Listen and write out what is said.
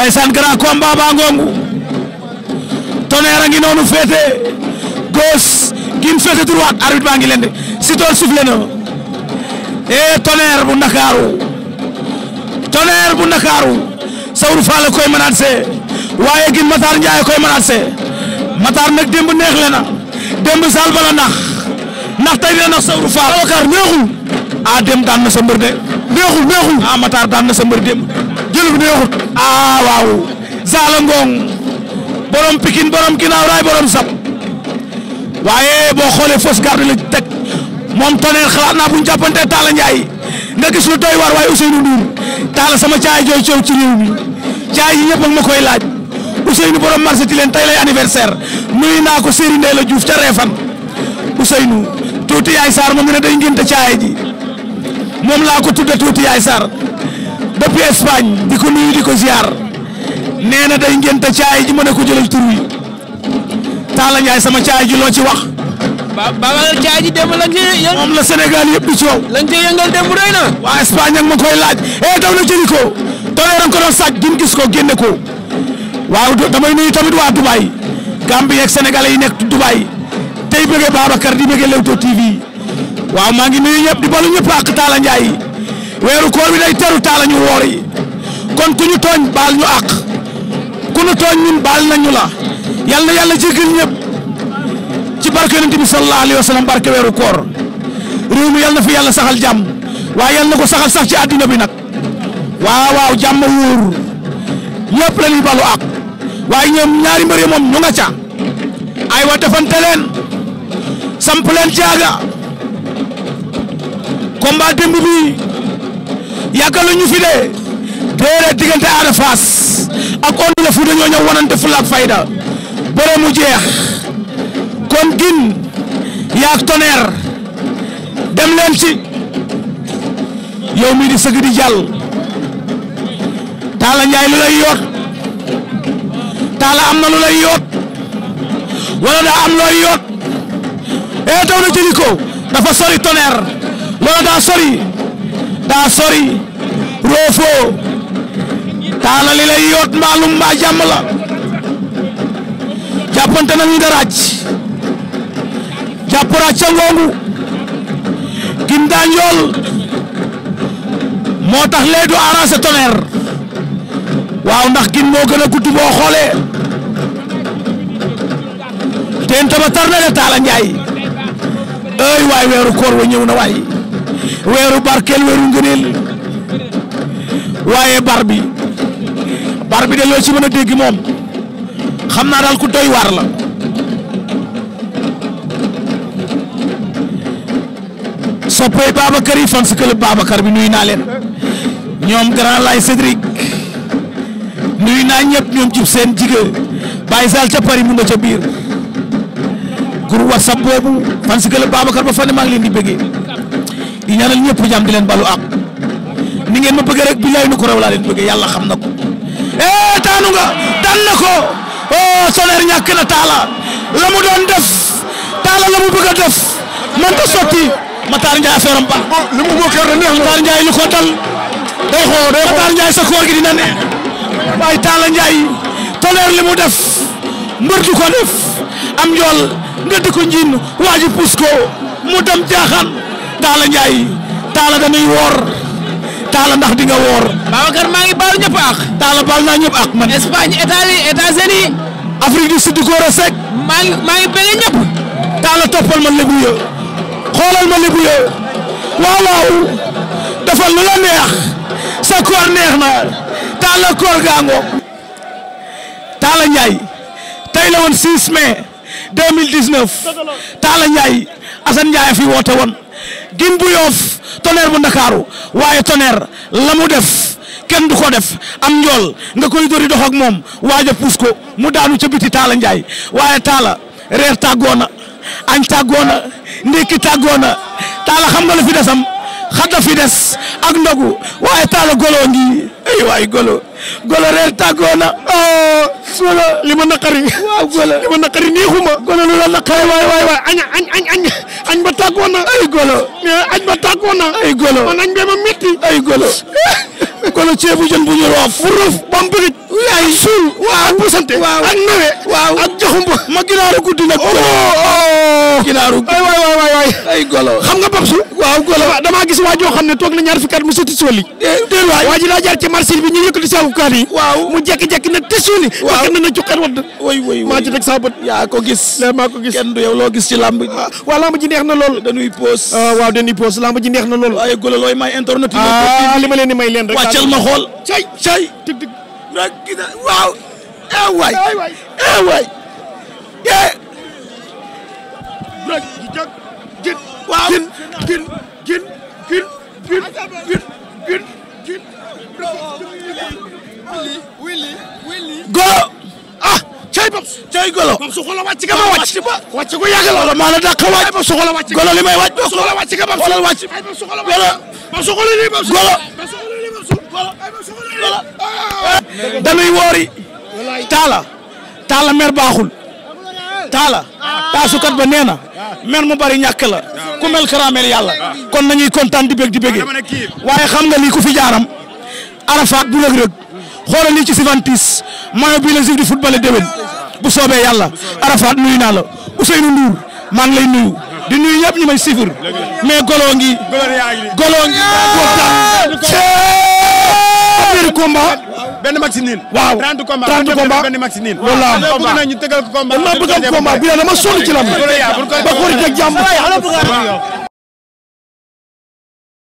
ndaysaan grand combat baa ngongu Tonnerre a ngi noonu féete gauche gin féete droite arbitre baa ngi leen de Sitor soufflé na eh Tonnerre bu Ndakaaru Tonnerre bu Ndakaaru Saourou Fall la koy menacé waaye gin Matar Ndiaye koy menacé Matar nag démb neex le na démb sal bala nax ndax tey nax Saourou Fall. Babacar neexul ah démb daan na de. neexul neexul ah Matar daan na sa jël bi ah waaw Zale Ngong borom Pikine borom ginnaaw raay borom sab waaye boo xoolee fausse garde la teg moom Tonnerre xalaat naa bu ñu jàppante Talla Ndiaye nga gis lu doy waar waaye Ousseynou Ndour Talla sama caay jooy coow ci réew mi caay yi ñëpp ak ma koy laaj Ousseynou borom marché ti leen tey lay anniversaire nuyu naa ko Serigne Ndeye la Diouf ca Réfane Ousseynou tuuti yaay Sarr moom nga ne day ngénte caay ji moom laa ko tudde tuuti yaay Sarr. depuis Espagne di ko nuyu di ko ziar nee na day ngénte caay ji ma ne ko jëlal tur wi Talla sama caay ji loo ci wax. ba baax na caay ji démb lañ ci yëngal. moom la Sénégal yëpp di coow. lañ ci yëngal démb doy na. waa Espagne ak ma koy laaj eh daw na jëli ko tooyoo ko doon sàcc duñ gis ko génne ko waaw damay nuyu tamit waa Dubaay Gambie ak sénégalais yi nekk Dubaay tey bëggee Babacar di bëggee Leewtoo TV waaw maa ngi nuyu ñëpp di balu ñëpp ak Talla Ndiaye. weeru koor bi day teru taala ñu woor yi kon ku ñu tooñ baal ñu àq ku ñu tooñ ñun baal nañu la yal na yàlla jéggal ñëpp ci barke yonent bi sallallahu alayhi wa sallam barke weeru koor réew yal na fi yàlla saxal jàmm waa yal na ko saxal sax ci àddina bi nag waawaaw waaw jàmm wóor ñëpp la ñuy balu àq waaye ñoom ñaari mbër yi moom ñu nga ca ay wa defante leen samp leen démb bi yàggalu ñu fi de déedéet diggante Ada Fass ak Onde la fu dañoo ñëw wanante fulla ak fayda bëre mu jeex kon gin yaak Tonnerre dem leen ci yow mii di sëgg di jàll Talla Ndiaye lu lay yoot Talla am na lu lay yoot wala daa am looy yoot ee eh, taw na jëli ko dafa sori Tonnerre wala daa sori daa sori roofoo taala li yoot maalum mbaa jàmm la jàppante nañu nga ràcc jàpp ràcc a ngoogu gin moo tax lee du arrangé Tonnerre waaw ndax gin moo gën a gudd boo xoolee teen taba tar na de taala njaay ey waay weeru koor wa na waay weeru barkeel weeru ngëneel waaye bar bi bar bi de loo ci mën a dégg moom xam naa daal ku doy waar la soppee Babacar yi fan si club Babacar bi nuyu naa leen ñoom grand lay Cédric nuyu naa ñëpp ñoom ci seen jigéen Baye Sall ca Paris mu nga ca biir groupe WhatsApp boobu fan si club Babacar ba fan maa ngi leen di bëggee di ñaanal ñëpp jàmm di leen balu ak ni ngeen ma bëgg rek billaay nu ko raw laa bëgg yàlla xam na ko eh taanu nga daan na ko oh Soner ñàkk na taala la mu doon def taala la mu bëgg a def man ta sotti Matar Ndiaye affaire am baax. Oh, li mu bokkee rek neex na Matar Ndiaye lu ko dal. day xool day xool Matar Ndiaye sa koor gi dina neex waaye taala Ndiaye Soner li mu def mbër ko def am njool nga ko njiin waa ji ko mu dem jaaxaan taala Ndiaye taala dañuy woor. Talla ndax di nga woor. Babacar maa ngi baal ñëpp ak. Talla baal naa ñëpp ak man. Espagne États-Unis Afrique du Sud góor a sec. maa ngi maa ngi bëgg toppal ma lébu ya xoolal ma lébu ya waaw dafa lu la neex sa koor neex na Talla koor gaa ngoog. Talla Ndiaye tey la woon 6 mai 2019 Talla Ndiaye Assane fi woote woon. gin bu yoof Tonnerre bu ndakaaru waaye Tonnerre la mu def kenn du ko def am njool nga koy dori dox ak moom waaja puus ko mu daanu ca biti Talla Ndiaye waaye Talla reer tàggoona añ tàggoona ndékki tàggoona Talla xam nga la fi desam xadda fi des ak ndagu waaye Talla golo ngi ay waay golo reer tàggoona oh golo li ma naqari waaw golo li ma naqari neexuma golo naqare waay waay waay añ añ añ añ añ ba tàkkoon na ay golo eh, añ ba tàkkoon na ay golo man añ bee ma métti ay golo golo ceebu jën bu ñu roof furuf bam bëgg yaay suul waaw pusante ak nawe waaw ak joxumba ma ginaaru guddi nag oh oh ginaaru guddi ay waay waay waay ay golo xam nga babsu waaw góor la damaa gis waa joo xam ne toog na ñaar fukki at mu sotti sóoli. déedéet waay waa ji daa jaar ci marché bi ñu yëkkati saabu kaan yi. waaw mu jékki-jékki na te waaw fekk ji. neex na lool. dañuy pause. Ah, waaw dañuy pause làmb ji neex na lool. waaye góor la looy may internet. ah li ma leen di may leen rek. wàccal ma xool. cay cay. tig tig rek gis na waaw. eh waay eh waay. eh. rek ji waaw gin gin gin gin gin gin gin gin wili wili golo ah cay bopp cay golo su xola wàcc nga ma wàcc wàcc ko yàgg la maa la dàq wàcc su xola wàcc golo li may wàcc su xola wàcc nga ma xola wàcc su xola li ma golo ah. dañuy woori taala taala mer baaxul taala ah. taasukat ba nee na ah. mer mu bari ñàkk la ku mel karameel yàlla kon nañuy kontaan di bég di bége waaye xam nga lii ku fi jaaram Arafat bu rëg-rëg xoolal lii ci Juventus maillot bii la Juve di footballé déwén bu soobee yàlla Arafat nuyu naa la Ousseynou Ndour maa lay nuyu di nuyu ñëpp ñu may sifir mais golo ngi golo ngi kontaan affaire combat benn match nul. waaw 30 combat 30 combat benn match nul. loolu laa am combat bi ba ko rek jàmm.